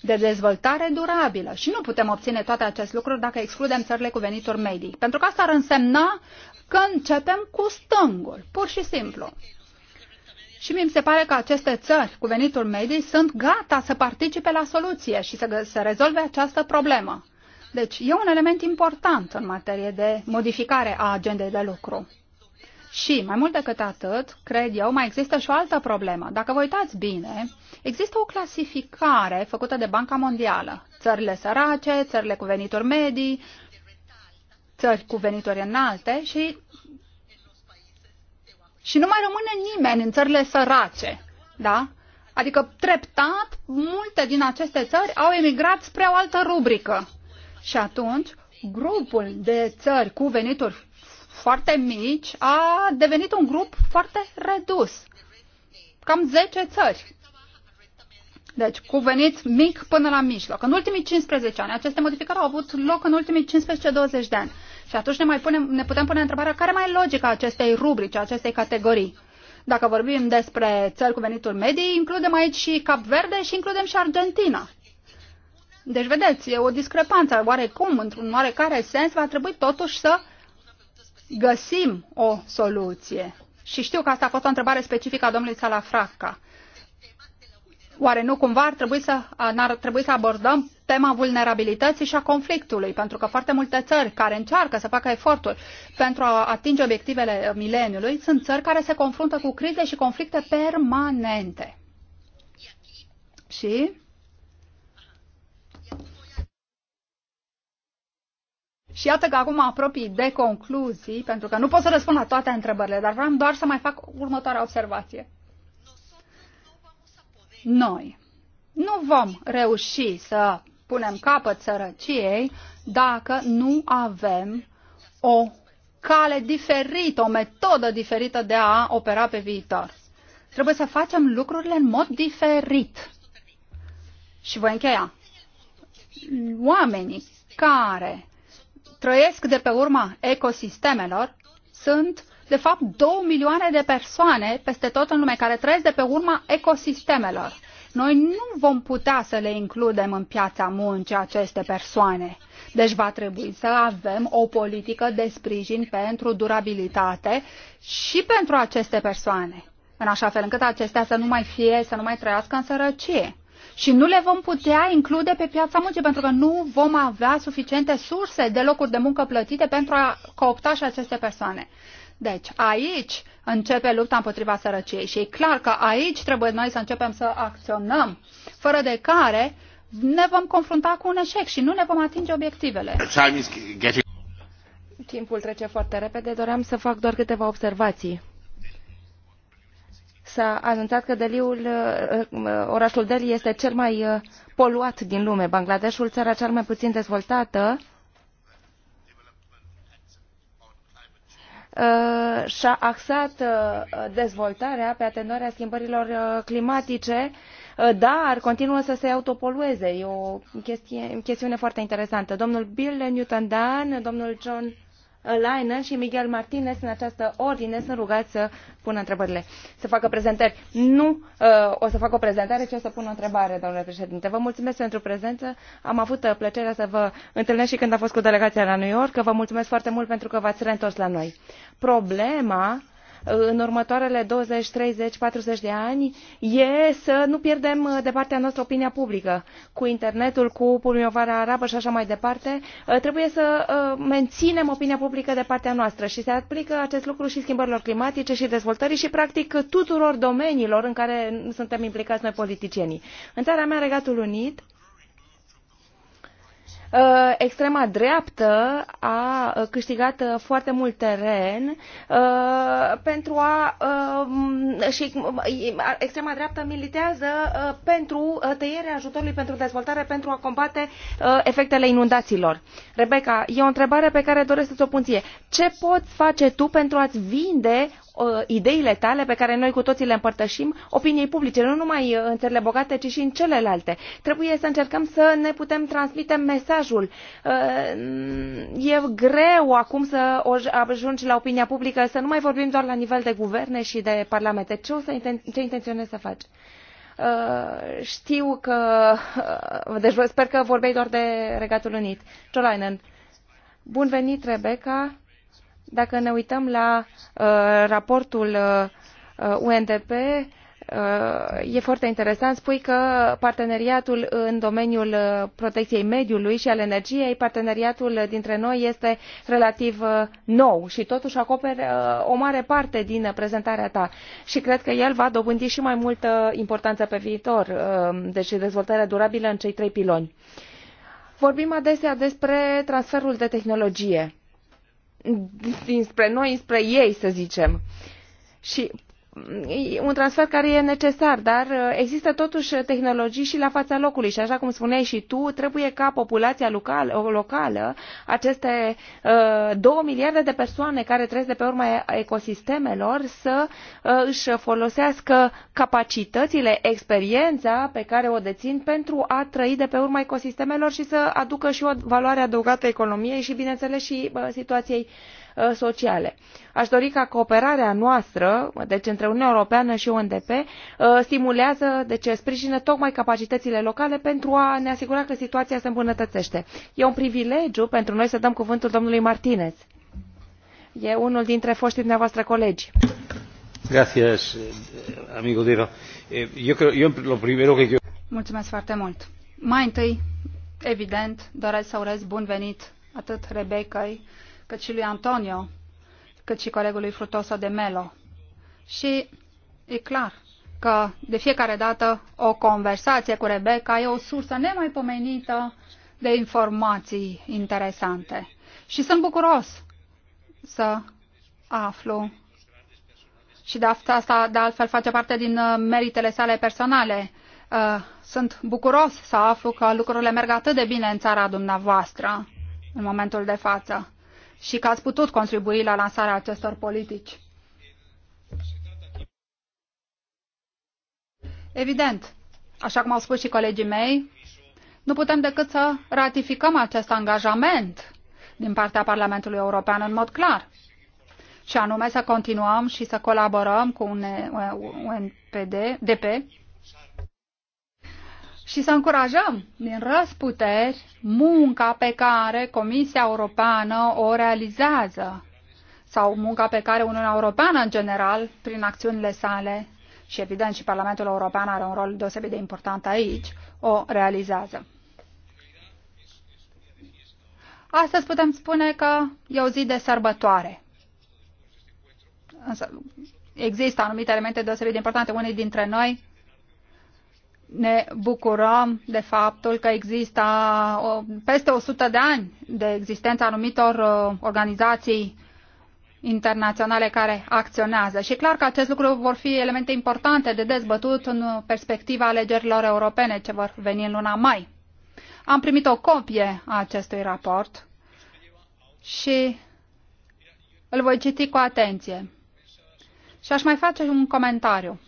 de dezvoltare durabilă. Și nu putem obține toate aceste lucruri dacă excludem țările cu venituri medii. Pentru că asta ar însemna că începem cu stângul, pur și simplu. Și mi se pare că aceste țări cu venituri medii sunt gata să participe la soluție și să, să rezolve această problemă. Deci e un element important în materie de modificare a agendei de lucru. Și, mai mult decât atât, cred eu, mai există și o altă problemă. Dacă vă uitați bine, există o clasificare făcută de Banca Mondială. Țările sărace, țările cu venituri medii, țări cu venituri înalte și și nu mai rămâne nimeni în țările sărace, da? Adică treptat, multe din aceste țări au emigrat spre o altă rubrică. Și atunci, grupul de țări cu venituri foarte mici a devenit un grup foarte redus. Cam 10 țări. Deci, cu venit mic până la mijloc. În ultimii 15 ani, aceste modificări au avut loc în ultimii 15-20 de ani. Și atunci ne, mai punem, ne putem pune întrebarea care mai e logica acestei rubrici, acestei categorii. Dacă vorbim despre țări cu venituri medii, includem aici și Cap Verde și includem și Argentina. Deci, vedeți, e o discrepanță. Oarecum, într-un oarecare sens, va trebui totuși să găsim o soluție. Și știu că asta a fost o întrebare specifică a domnului Salafranca. Oare nu cumva ar trebui să, ar trebui să abordăm tema vulnerabilității și a conflictului? Pentru că foarte multe țări care încearcă să facă efortul pentru a atinge obiectivele mileniului sunt țări care se confruntă cu crize și conflicte permanente. Și Și iată că acum apropii de concluzii, pentru că nu pot să răspund la toate întrebările, dar vreau doar să mai fac următoarea observație. Noi nu vom reuși să punem capăt sărăciei dacă nu avem o cale diferită, o metodă diferită de a opera pe viitor. Trebuie să facem lucrurile în mod diferit. Și voi încheia. Oamenii care trăiesc de pe urma ecosistemelor sunt de fapt, două milioane de persoane peste tot în lume care trăiesc de pe urma ecosistemelor. Noi nu vom putea să le includem în piața muncii aceste persoane. Deci va trebui să avem o politică de sprijin pentru durabilitate și pentru aceste persoane, în așa fel încât acestea să nu mai fie, să nu mai trăiască în sărăcie. Și nu le vom putea include pe piața muncii, pentru că nu vom avea suficiente surse de locuri de muncă plătite pentru a coopta și aceste persoane. Deci, aici începe lupta împotriva sărăciei și e clar că aici trebuie noi să începem să acționăm, fără de care ne vom confrunta cu un eșec și nu ne vom atinge obiectivele. Timpul trece foarte repede, doream să fac doar câteva observații. S-a anunțat că Deliul, uh, uh, orașul Delhi este cel mai uh, poluat din lume, Bangladeshul, țara cel mai puțin dezvoltată, Uh, și-a axat uh, dezvoltarea pe atenuarea schimbărilor uh, climatice, dar continuă să se autopolueze. E o chestie, chestiune foarte interesantă. Domnul Bill Newton Dan, domnul John Leinen și Miguel Martinez în această ordine sunt rugați să pună întrebările, să facă prezentări. Nu uh, o să fac o prezentare, ci o să pun o întrebare, domnule președinte. Vă mulțumesc pentru prezență. Am avut uh, plăcerea să vă întâlnesc și când am fost cu delegația la New York. Vă mulțumesc foarte mult pentru că v-ați reîntors la noi. Problema în următoarele 20, 30, 40 de ani e să nu pierdem uh, de partea noastră opinia publică. Cu internetul, cu promovarea arabă și așa mai departe, uh, trebuie să uh, menținem opinia publică de partea noastră și se aplică acest lucru și schimbărilor climatice și dezvoltării și practic tuturor domeniilor în care suntem implicați noi politicienii. În țara mea, Regatul Unit, Uh, extrema dreaptă a uh, câștigat uh, foarte mult teren pentru a și extrema dreaptă militează pentru tăierea ajutorului pentru dezvoltare pentru a combate efectele inundațiilor. Rebecca, e o întrebare pe care doresc să ți-o pun ție. Ce poți face tu pentru a-ți vinde Uh, ideile tale pe care noi cu toții le împărtășim opiniei publice, nu numai uh, în țările bogate, ci și în celelalte. Trebuie să încercăm să ne putem transmite mesajul. Uh, e greu acum să ajungi la opinia publică, să nu mai vorbim doar la nivel de guverne și de parlamente. Ce, o să inten- ce intenționezi să faci? știu că... Deci sper că vorbei doar de Regatul Unit. Ciolainen. Bun venit, Rebecca dacă ne uităm la uh, raportul uh, UNDP, uh, e foarte interesant. Spui că parteneriatul în domeniul uh, protecției mediului și al energiei, parteneriatul dintre noi este relativ uh, nou și totuși acoperă o mare parte din prezentarea ta și cred că el va dobândi și mai multă importanță pe viitor, deci dezvoltarea durabilă în cei trei piloni. Vorbim adesea despre transferul de tehnologie dinspre noi, spre ei, să zicem. Și un transfer care e necesar, dar uh, există totuși tehnologii și la fața locului și așa cum spuneai și tu, trebuie ca populația locală, aceste uh, două miliarde de persoane care trăiesc de pe urma ecosistemelor să uh, își folosească capacitățile, experiența pe care o dețin pentru a trăi de pe urma ecosistemelor și să aducă și o valoare adăugată economiei și, bineînțeles, și uh, situației uh, Uh, sociale. Aș dori ca cooperarea noastră, deci între Uniunea Europeană și UNDP, uh, stimulează, deci sprijină tocmai capacitățile locale pentru a ne asigura că situația se îmbunătățește. E un privilegiu pentru noi să dăm cuvântul domnului Martinez. E unul dintre foștii dumneavoastră colegi. Gracias, eh, amigo Dero. Eu, eh, cred, eu lo primero que yo... Mulțumesc foarte mult. Mai întâi, evident, doresc să urez bun venit atât Rebecca, cât și lui Antonio, cât și colegului Frutoso de Melo. Și e clar că de fiecare dată o conversație cu Rebecca e o sursă nemaipomenită de informații interesante. Și sunt bucuros să aflu și de asta de altfel face parte din uh, meritele sale personale. Uh, sunt bucuros să aflu că lucrurile merg atât de bine în țara dumneavoastră în momentul de față și că ați putut contribui la lansarea acestor politici. Evident, așa cum au spus și colegii mei, nu putem decât să ratificăm acest angajament din partea Parlamentului European în mod clar. Și anume să continuăm și să colaborăm cu un UNPD, DP, și să încurajăm din răsputeri munca pe care Comisia Europeană o realizează sau munca pe care Uniunea Europeană în general, prin acțiunile sale și evident și Parlamentul European are un rol deosebit de important aici, o realizează. Astăzi putem spune că e o zi de sărbătoare. Însă există anumite elemente deosebit de importante. Unii dintre noi ne bucurăm de faptul că există peste 100 de ani de existența anumitor uh, organizații internaționale care acționează. Și clar că acest lucru vor fi elemente importante de dezbătut în perspectiva alegerilor europene ce vor veni în luna mai. Am primit o copie a acestui raport și îl voi citi cu atenție. Și aș mai face un comentariu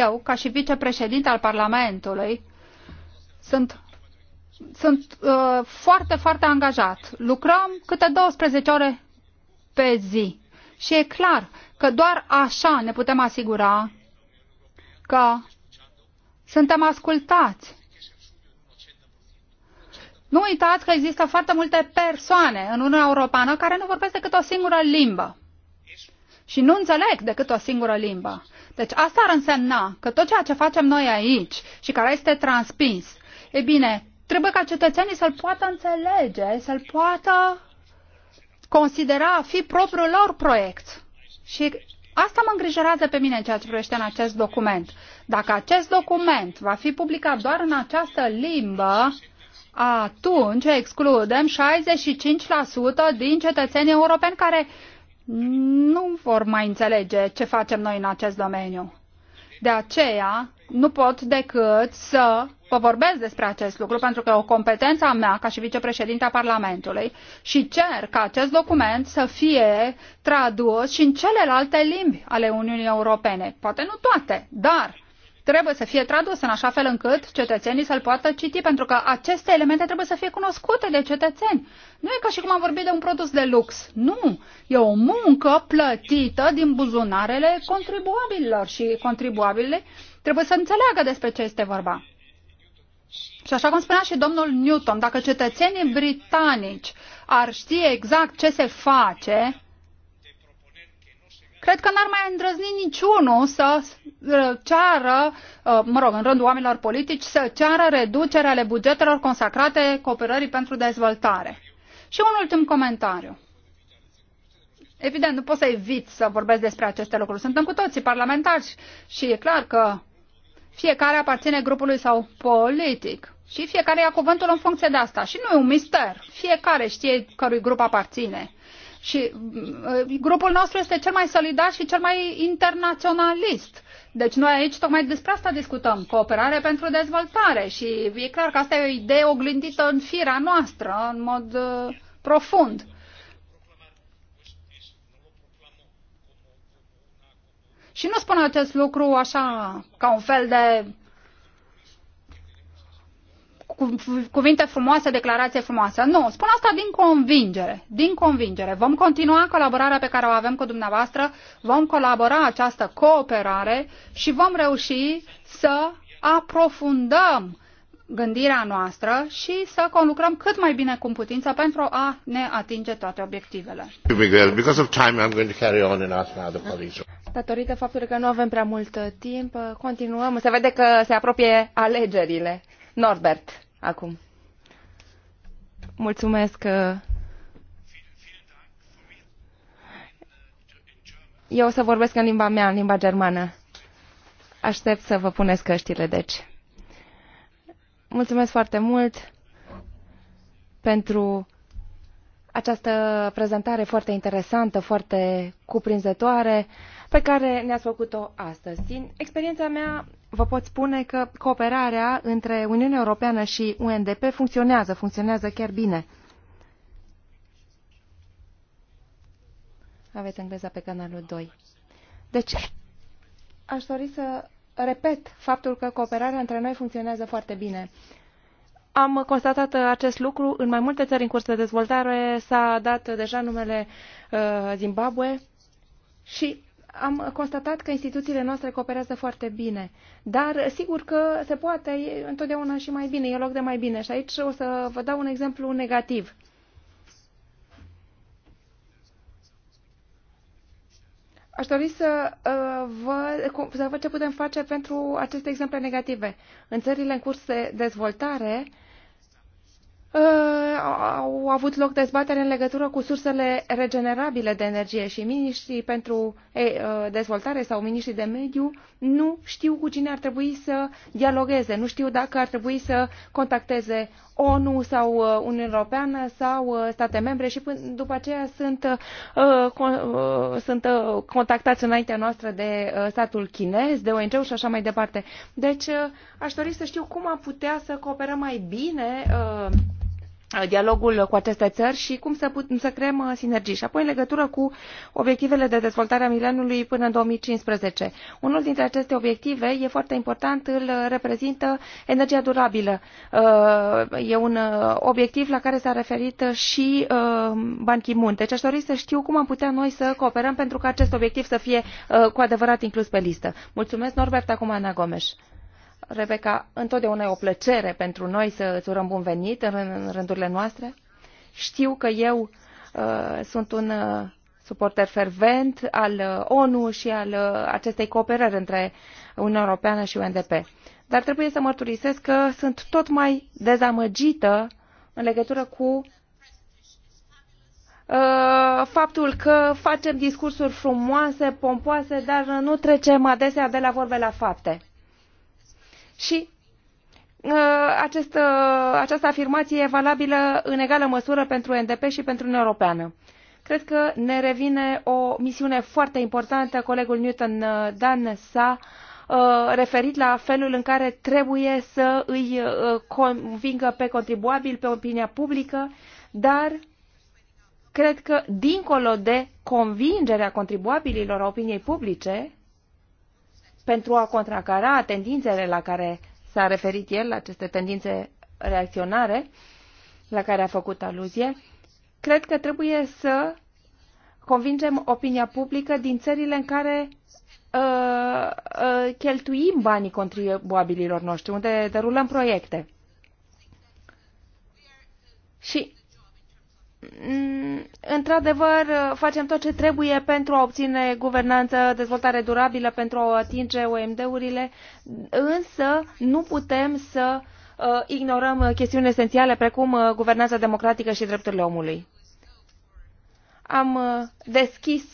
eu, ca și vicepreședinte al Parlamentului, sunt, sunt uh, foarte, foarte angajat. Lucrăm câte 12 ore pe zi. Și e clar că doar așa ne putem asigura că suntem ascultați. Nu uitați că există foarte multe persoane în Uniunea Europeană care nu vorbesc decât o singură limbă. Și nu înțeleg decât o singură limbă. Deci asta ar însemna că tot ceea ce facem noi aici și care este transpins, e bine, trebuie ca cetățenii să-l poată înțelege, să-l poată considera a fi propriul lor proiect. Și Asta mă îngrijorează pe mine în ceea ce privește în acest document. Dacă acest document va fi publicat doar în această limbă, atunci excludem 65% din cetățenii europeni care nu vor mai înțelege ce facem noi în acest domeniu. De aceea, nu pot decât să vă vorbesc despre acest lucru, pentru că o competență a mea ca și vicepreședinte a Parlamentului și cer ca acest document să fie tradus și în celelalte limbi ale Uniunii Europene. Poate nu toate, dar trebuie să fie tradus în așa fel încât cetățenii să-l poată citi, pentru că aceste elemente trebuie să fie cunoscute de cetățeni. Nu e ca și cum am vorbit de un produs de lux. Nu! E o muncă plătită din buzunarele contribuabililor și contribuabile trebuie să înțeleagă despre ce este vorba. Și așa cum spunea și domnul Newton, dacă cetățenii britanici ar ști exact ce se face, cred că n-ar mai îndrăzni niciunul să uh, ceară, uh, mă rog, în rândul oamenilor politici, să ceară reducerea ale bugetelor consacrate cooperării pentru dezvoltare. Și un ultim comentariu. Evident, nu pot să evit să vorbesc despre aceste lucruri. Suntem cu toții parlamentari și e clar că fiecare aparține grupului sau politic. Și fiecare ia cuvântul în funcție de asta. Și nu e un mister. Fiecare știe cărui grup aparține. Și mm, grupul nostru este cel mai solidar și cel mai internaționalist. Deci noi aici tocmai despre asta discutăm, cooperare pentru dezvoltare și e clar că asta e o idee oglindită în firea noastră, în mod uh, profund. Și nu spun acest lucru așa ca un fel de cuvinte frumoase, declarație frumoasă. Nu, spun asta din convingere, din convingere. Vom continua colaborarea pe care o avem cu dumneavoastră, vom colabora această cooperare și vom reuși să aprofundăm gândirea noastră și să conlucrăm cât mai bine cu putință pentru a ne atinge toate obiectivele. Datorită faptului că nu avem prea mult uh, timp, uh, continuăm. Se vede că se apropie alegerile. Norbert acum. Mulțumesc. Uh, eu o să vorbesc în limba mea, în limba germană. Aștept să vă puneți căștile, deci. Mulțumesc foarte mult pentru această prezentare foarte interesantă, foarte cuprinzătoare, pe care ne-ați făcut-o astăzi. Din experiența mea, vă pot spune că cooperarea între Uniunea Europeană și UNDP funcționează, funcționează chiar bine. Aveți engleza pe canalul 2. Deci, aș dori să repet faptul că cooperarea între noi funcționează foarte bine. Am constatat acest lucru în mai multe țări în curs de dezvoltare. S-a dat deja numele uh, Zimbabwe și am constatat că instituțiile noastre cooperează foarte bine, dar sigur că se poate întotdeauna și mai bine, e loc de mai bine. Și aici o să vă dau un exemplu negativ. Aș dori să uh, să văd ce putem face pentru aceste exemple negative. În țările în curs de dezvoltare, uh, Uh, au avut loc dezbatere în legătură cu sursele regenerabile de energie și miniștrii pentru uh, dezvoltare sau miniștrii de mediu nu știu cu cine ar trebui să dialogueze, nu știu dacă ar trebui să contacteze ONU sau uh, Uniunea Europeană sau state membre și după aceea sunt, sunt contactați înaintea noastră de statul chinez, de ong și așa mai departe. Deci aș dori să știu cum am putea să cooperăm mai bine Uh, dialogul cu aceste țări și cum să, putem să creăm uh, sinergii. Și apoi în legătură cu obiectivele de dezvoltare a mileniului până în 2015. Unul dintre aceste obiective e foarte important, îl reprezintă energia durabilă. Uh, e un obiectiv la care s-a referit și Ban Ki-moon. Deci aș dori să știu cum am putea noi să cooperăm pentru ca acest obiectiv să fie cu adevărat inclus pe listă. Mulțumesc, Norbert, acum Ana Gomes. Rebecca, întotdeauna e o plăcere pentru noi să îți urăm bun venit în rândurile noastre. Știu că eu uh, sunt un uh, suporter fervent al uh, ONU și al uh, acestei cooperări între Uniunea Europeană și UNDP. Dar trebuie să mărturisesc că sunt tot mai dezamăgită în legătură cu uh, faptul că facem discursuri frumoase, pompoase, dar nu trecem adesea de la vorbe la fapte și uh, acest, uh, această afirmație e valabilă în egală măsură pentru NDP și pentru Uniunea Europeană. Cred că ne revine o misiune foarte importantă. Colegul Newton uh, Dan s-a referit la felul în care trebuie să îi convingă pe contribuabil, pe opinia publică, dar cred că dincolo de convingerea contribuabililor a opiniei publice, pentru a contracara tendințele la care s-a referit el, aceste tendințe reacționare la care a făcut aluzie, cred că trebuie să convingem opinia publică din țările în care uh, uh, cheltuim banii contribuabililor noștri, unde derulăm proiecte. Și Mm, într-adevăr, facem tot ce trebuie pentru a obține guvernanță, dezvoltare durabilă, pentru a atinge OMD-urile, însă nu putem să uh, ignorăm chestiuni esențiale precum uh, guvernanța democratică și drepturile omului. Am uh, deschis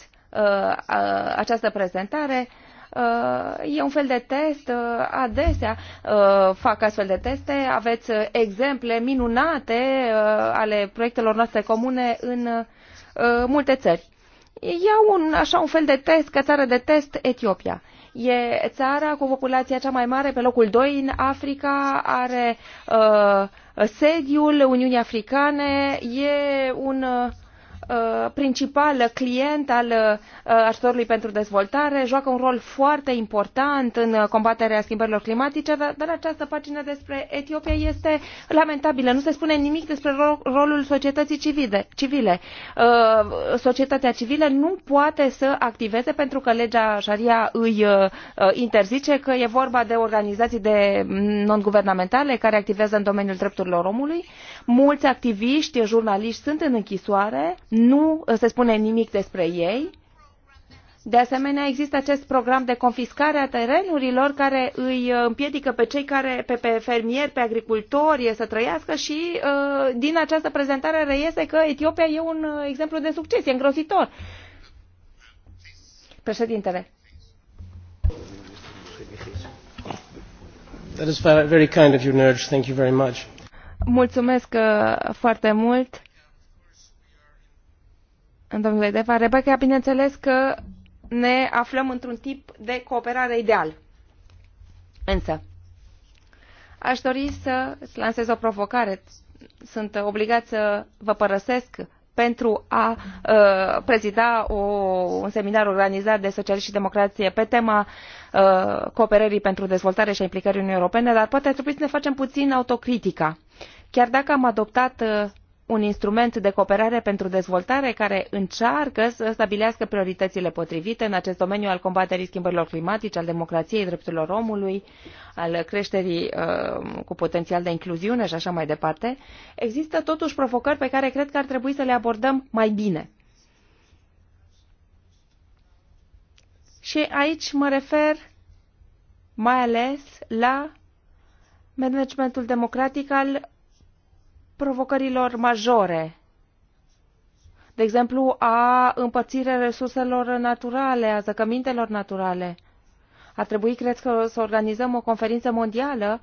această prezentare Uh, e un fel de test, uh, adesea uh, fac astfel de teste, aveți exemple minunate ale proiectelor noastre comune în multe țări. Iau un, așa un fel de test, ca țară de test, Etiopia. E țara cu populația cea mai mare, pe locul 2 în Africa, are uh, sediul Uniunii Africane, e un uh, Uh, principal client al uh, ajutorului pentru dezvoltare, joacă un rol foarte important în uh, combaterea schimbărilor climatice, dar această pagină despre Etiopia este lamentabilă. Nu se spune nimic despre rolul societății civile. civile. Societatea civilă nu poate să activeze pentru că legea Sharia îi interzice că e vorba de organizații de mm, non-guvernamentale care activează în domeniul drepturilor omului. Mulți activiști, jurnaliști sunt în închisoare, nu ă, se spune nimic despre ei. De asemenea, există acest program de confiscare a terenurilor care îi ă, împiedică pe cei care, pe, pe fermieri, pe agricultori să trăiască și ă, din această prezentare reiese că Etiopia e un exemplu de succes, e îngrozitor. Președintele. That is very kind of you, Nerj. Thank you very much. Mulțumesc uh, foarte mult, domnule Deva. Rebecca, bineînțeles că ne aflăm într-un tip de cooperare ideal. Însă, aș dori să lansez o provocare. Sunt obligat să vă părăsesc pentru a uh, prezida o, un seminar organizat de socialiști și democrație pe tema uh, cooperării pentru dezvoltare și a implicării Uniunii Europene, dar poate ar trebui să ne facem puțin autocritica Chiar dacă am adoptat uh, un instrument de cooperare pentru dezvoltare care încearcă să stabilească prioritățile potrivite în acest domeniu al combaterii schimbărilor climatice, al democrației, drepturilor omului, al creșterii uh, cu potențial de incluziune și așa mai departe, există totuși provocări pe care cred că ar trebui să le abordăm mai bine. Și aici mă refer mai ales la managementul democratic al provocărilor majore, de exemplu a împărțirea resurselor naturale, a zăcămintelor naturale. Ar trebui, cred că, să organizăm o conferință mondială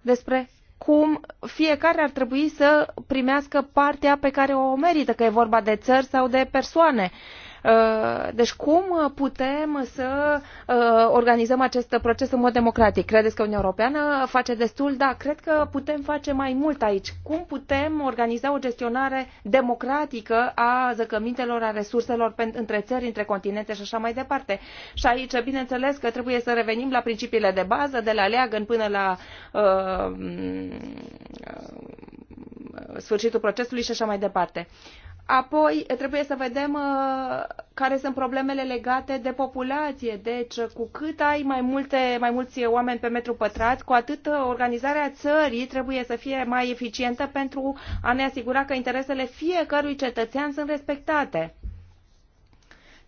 despre cum fiecare ar trebui să primească partea pe care o merită, că e vorba de țări sau de persoane. Uh, Uh, deci cum putem să uh, organizăm acest proces în mod democratic? Credeți că Uniunea Europeană face destul? Da, cred că putem face mai mult aici. Cum putem organiza o gestionare democratică a zăcămintelor, a resurselor între țări, între continente și așa mai departe? Și aici, bineînțeles, că trebuie să revenim la principiile de bază, de la leagăn până la uh, mm, uh sfârșitul procesului și așa mai departe. Apoi trebuie să vedem uh, care sunt problemele legate de populație. Deci, uh, cu cât ai mai, multe, mai mulți oameni pe metru pătrat, cu atât uh, organizarea țării trebuie să fie mai eficientă pentru a ne asigura că interesele fiecărui cetățean sunt respectate.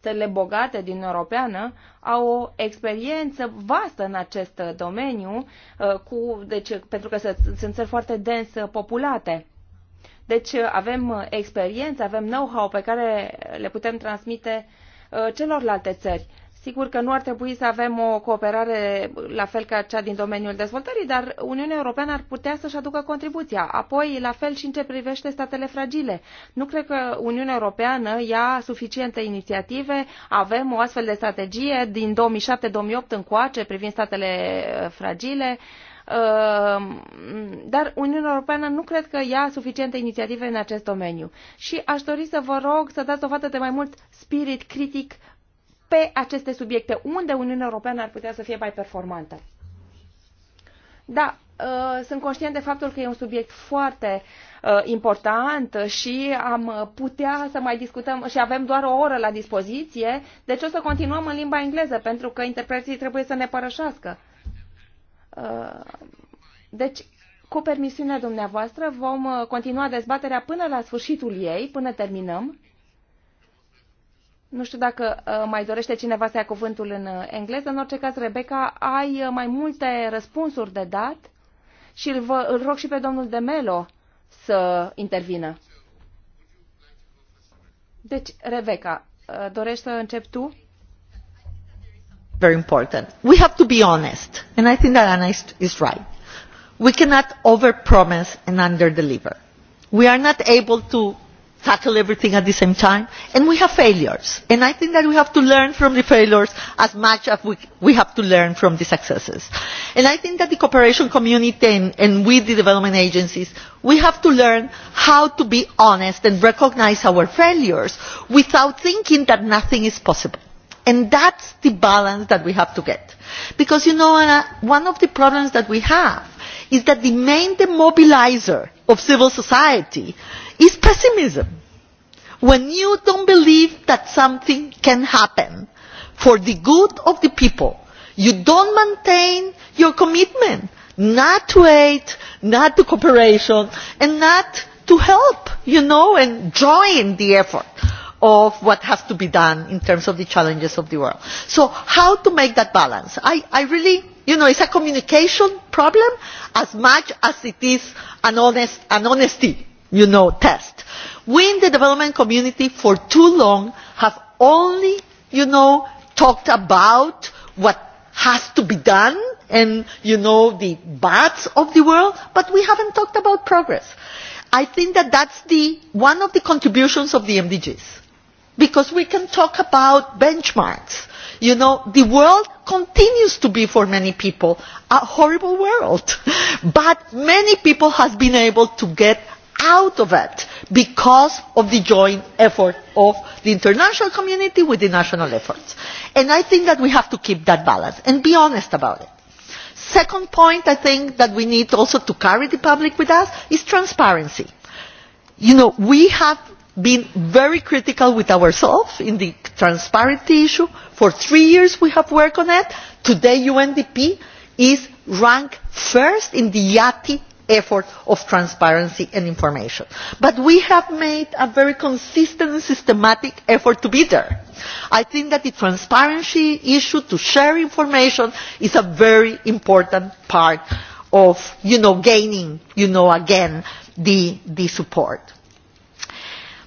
Țările bogate din Europeană au o experiență vastă în acest domeniu, uh, cu, deci, pentru că sunt țări foarte dens uh, populate deci uh, avem uh, experiență, avem know-how pe care le putem transmite uh, celorlalte țări. Sigur că nu ar trebui să avem o cooperare la fel ca cea din domeniul dezvoltării, dar Uniunea Europeană ar putea să-și aducă contribuția. Apoi, la fel și în ce privește statele fragile. Nu cred că Uniunea Europeană ia suficiente inițiative. Avem o astfel de strategie din 2007-2008 încoace privind statele fragile. Uh, Ehm, dar Uniunea Europeană nu cred că ia suficiente inițiative în acest domeniu. Și aș dori să vă rog să dați o fată de mai mult spirit critic pe aceste subiecte, unde Uniunea Europeană ar putea să fie mai performantă. Da, ehm, sunt conștient de faptul că e un subiect foarte ehm, important și am putea să mai discutăm și avem doar o oră la dispoziție, deci o să continuăm în limba engleză pentru că interpreții trebuie să ne părășească. Uh, deci, cu permisiunea dumneavoastră, vom uh, continua dezbaterea până la sfârșitul ei, până terminăm. Nu știu dacă uh, mai dorește cineva să ia cuvântul în engleză. În orice caz, Rebecca, ai mai multe răspunsuri de dat și îl, vă, îl rog și pe domnul de Melo să intervină. Deci, Rebecca, dorești să începi tu? very important. We have to be honest, and I think that Anna is, is right. We cannot overpromise and underdeliver. We are not able to tackle everything at the same time, and we have failures. And I think that we have to learn from the failures as much as we, we have to learn from the successes. And I think that the cooperation community and, and with the development agencies, we have to learn how to be honest and recognize our failures without thinking that nothing is possible And that's the balance that we have to get. Because, you know, Anna, one of the problems that we have is that the main demobilizer of civil society is pessimism. When you don't believe that something can happen for the good of the people, you don't maintain your commitment, not to aid, not to cooperation, and not to help, you know, and join the effort of what has to be done in terms of the challenges of the world. So how to make that balance? I, I really, you know, it's a communication problem as much as it is an, honest, an honesty, you know, test. We in the development community for too long have only, you know, talked about what has to be done and, you know, the bads of the world, but we haven't talked about progress. I think that that's the, one of the contributions of the MDGs because we can talk about benchmarks. You know, the world continues to be for many people a horrible world. But many people have been able to get out of it because of the joint effort of the international community with the national efforts. And I think that we have to keep that balance and be honest about it. Second point I think that we need also to carry the public with us is transparency. You know, we have been very critical with ourselves in the transparency issue. For three years we have worked on it. Today UNDP is ranked first in the YATI effort of transparency and information. But we have made a very consistent and systematic effort to be there. I think that the transparency issue to share information is a very important part of, you know, gaining, you know, again, the, the support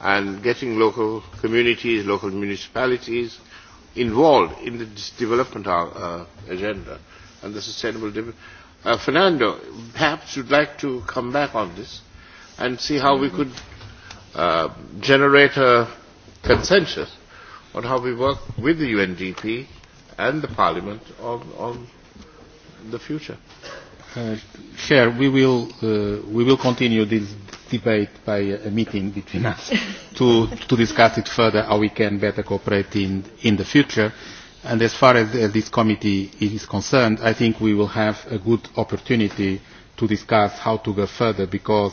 and getting local communities, local municipalities involved in the development uh, agenda and the sustainable development. Uh, Fernando, perhaps you'd like to come back on this and see how we could uh, generate a consensus on how we work with the UNDP and the Parliament on, on the future. Uh, we will, uh, we will continue this debate by a meeting between us to, to discuss it further, how we can better cooperate in, in the future. And as far as, as uh, this committee is concerned, I think we will have a good opportunity to discuss how to go further because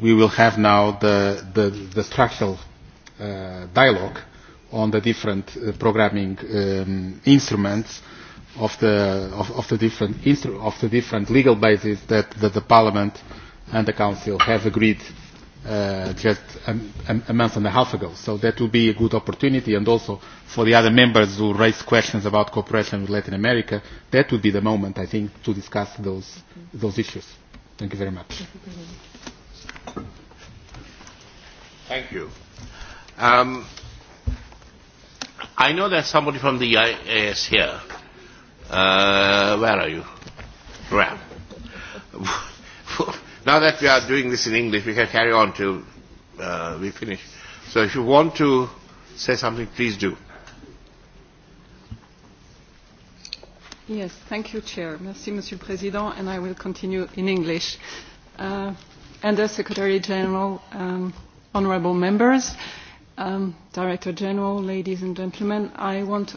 we will have now the, the, the structural uh, dialogue on the different uh, programming um, instruments of the, of, of the, different, of the different legal bases that, that the Parliament and the Council have agreed uh, just a, a, a month and a half ago. So that will be a good opportunity and also for the other members who raise questions about cooperation with Latin America, that would be the moment, I think, to discuss those, those issues. Thank you very much. Thank you. Um, I know there's somebody from the IAS here. Uh, where are you? Well, now that we are doing this in English, we can carry on till uh, we finish. So if you want to say something, please do. Yes, thank you, Chair. Merci, Monsieur le Président, and I will continue in English. Uh, the Secretary General, um, honorable members, um, Director General, ladies and gentlemen, I want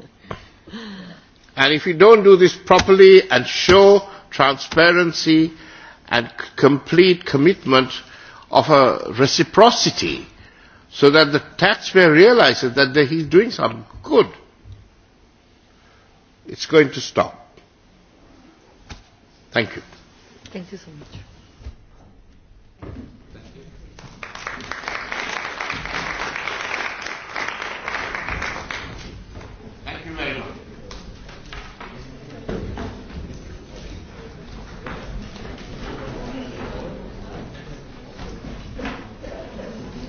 And if you don't do this properly and show transparency and complete commitment of a reciprocity so that the taxpayer realizes that the, he's doing some good, it's going to stop. Thank you. Thank you so much.